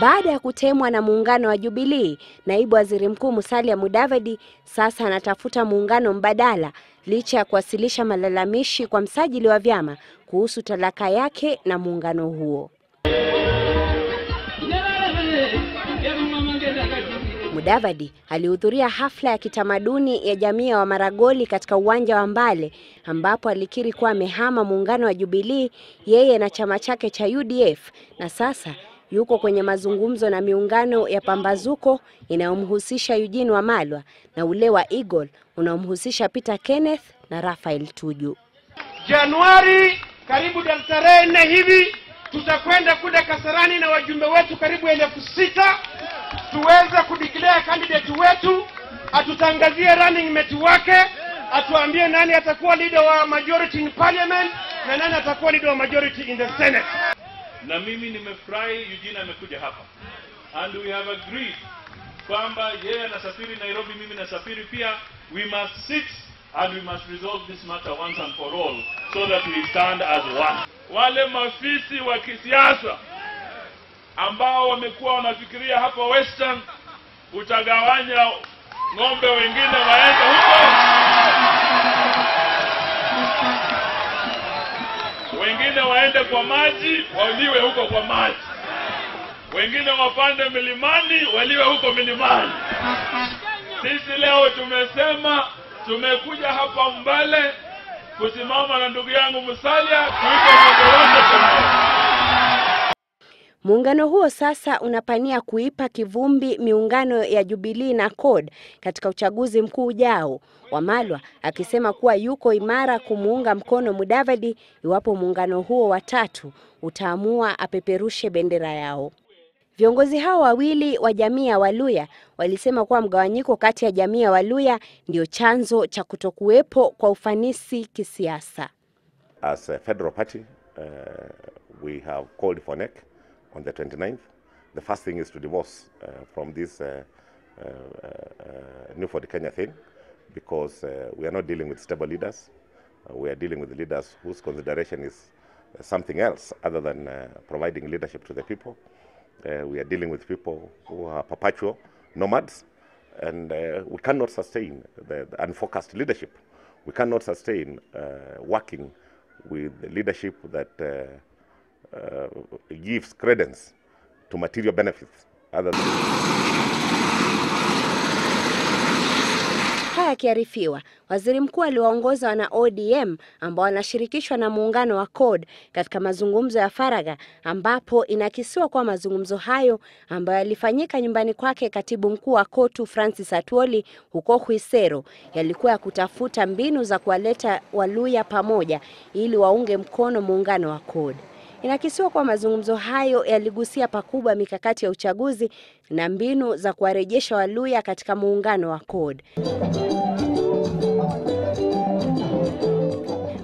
Baada ya kutemwa na muungano wa Jubilee, naibu waziri mkuu Musalia Mudavadi sasa anatafuta muungano mbadala licha ya kuwasilisha malalamishi kwa msajili wa vyama kuhusu talaka yake na muungano huo. Mudavadi alihudhuria hafla ya kitamaduni ya jamii ya Wamaragoli katika uwanja wa Mbale ambapo alikiri kuwa amehama muungano wa Jubilee yeye na chama chake cha UDF na sasa yuko kwenye mazungumzo na miungano ya pambazuko inayomhusisha Eugene Wamalwa na ule wa Eagle unaomhusisha Peter Kenneth na rafael Tuju. Januari karibu tarehe nne hivi tutakwenda kule Kasarani na wajumbe wetu karibu elfu sita tuweze kudeclare candidate wetu, atutangazie running mate wake, atuambie nani atakuwa leader wa majority in parliament na nani atakuwa leader wa majority in the senate na mimi nimefurahi Eugene amekuja hapa and we have agreed kwamba yeye anasafiri Nairobi, mimi nasafiri pia. We must sit and we must resolve this matter once and for all so that we stand as one. Wale mafisi wa kisiasa ambao wamekuwa wanafikiria hapa Western utagawanya ng'ombe wengine waende huko wengine waende kwa maji waliwe huko kwa maji, wengine wapande milimani waliwe huko milimani. Sisi leo tumesema tumekuja hapa Mbale kusimama na ndugu yangu Musalia kuiko moja wote Muungano huo sasa unapania kuipa kivumbi miungano ya Jubilee na CORD katika uchaguzi mkuu ujao, Wamalwa akisema kuwa yuko imara kumuunga mkono Mudavadi iwapo muungano huo wa tatu utaamua apeperushe bendera yao. Viongozi hao wawili wa jamii ya Waluya walisema kuwa mgawanyiko kati ya jamii ya Waluya ndio chanzo cha kutokuwepo kwa ufanisi kisiasa. As a federal party, uh, we have called for NEC on the 29th. The first thing is to divorce uh, from this uh, uh, uh new for the Kenya thing because we are not dealing with stable leaders. we are dealing with leaders whose consideration is something else other than providing leadership to the people. we are dealing with people who are perpetual nomads and uh, we cannot sustain the, the, unfocused leadership. We cannot sustain uh, working with leadership that uh, uh, gives credence to material benefits other than... Haya yakiarifiwa, waziri mkuu aliwaongoza wana ODM ambao wanashirikishwa na muungano wa CORD katika mazungumzo ya faragha, ambapo inakisiwa kuwa mazungumzo hayo ambayo yalifanyika nyumbani kwake katibu mkuu wa kotu Francis Atwoli huko huisero yalikuwa ya kutafuta mbinu za kuwaleta Waluya pamoja ili waunge mkono muungano wa CORD. Inakisiwa kuwa mazungumzo hayo yaligusia pakubwa mikakati ya uchaguzi na mbinu za kuwarejesha Waluya katika muungano wa CORD.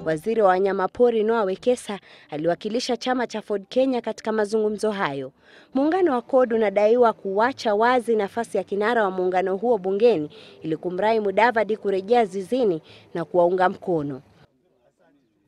Waziri wa wanyamapori Noah Wekesa aliwakilisha chama cha Ford Kenya katika mazungumzo hayo. Muungano wa CORD unadaiwa kuwacha wazi nafasi ya kinara wa muungano huo bungeni ili kumrai Mudavadi kurejea zizini na kuwaunga mkono.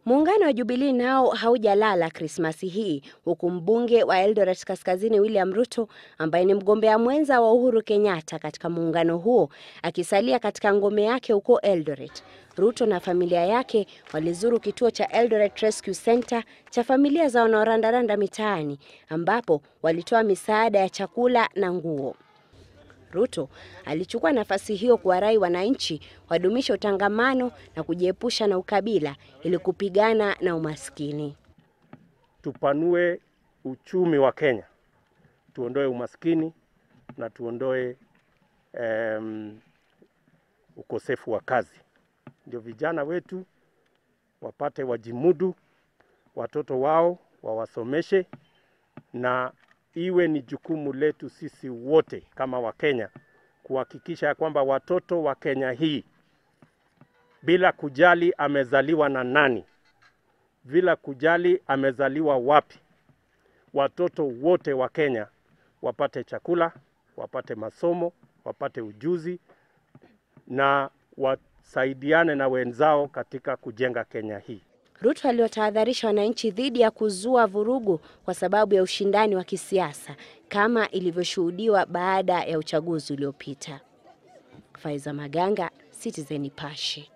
Muungano wa Jubilee nao haujalala Krismasi hii huku mbunge wa Eldoret Kaskazini William Ruto ambaye ni mgombea mwenza wa Uhuru Kenyatta katika muungano huo akisalia katika ngome yake huko Eldoret. Ruto na familia yake walizuru kituo cha Eldoret Rescue Center cha familia za wanaorandaranda mitaani ambapo walitoa misaada ya chakula na nguo. Ruto alichukua nafasi hiyo kuwarai wananchi wadumisha utangamano na kujiepusha na ukabila ili kupigana na umaskini. Tupanue uchumi wa Kenya, tuondoe umaskini na tuondoe um, ukosefu wa kazi, ndio vijana wetu wapate wajimudu, watoto wao wawasomeshe na iwe ni jukumu letu sisi wote kama Wakenya kuhakikisha ya kwamba watoto wa Kenya hii bila kujali amezaliwa na nani, bila kujali amezaliwa wapi, watoto wote wa Kenya wapate chakula, wapate masomo, wapate ujuzi na wasaidiane na wenzao katika kujenga Kenya hii. Ruto aliwatahadharisha wananchi dhidi ya kuzua vurugu kwa sababu ya ushindani wa kisiasa kama ilivyoshuhudiwa baada ya uchaguzi uliopita. Faiza Maganga, Citizen Nipashe.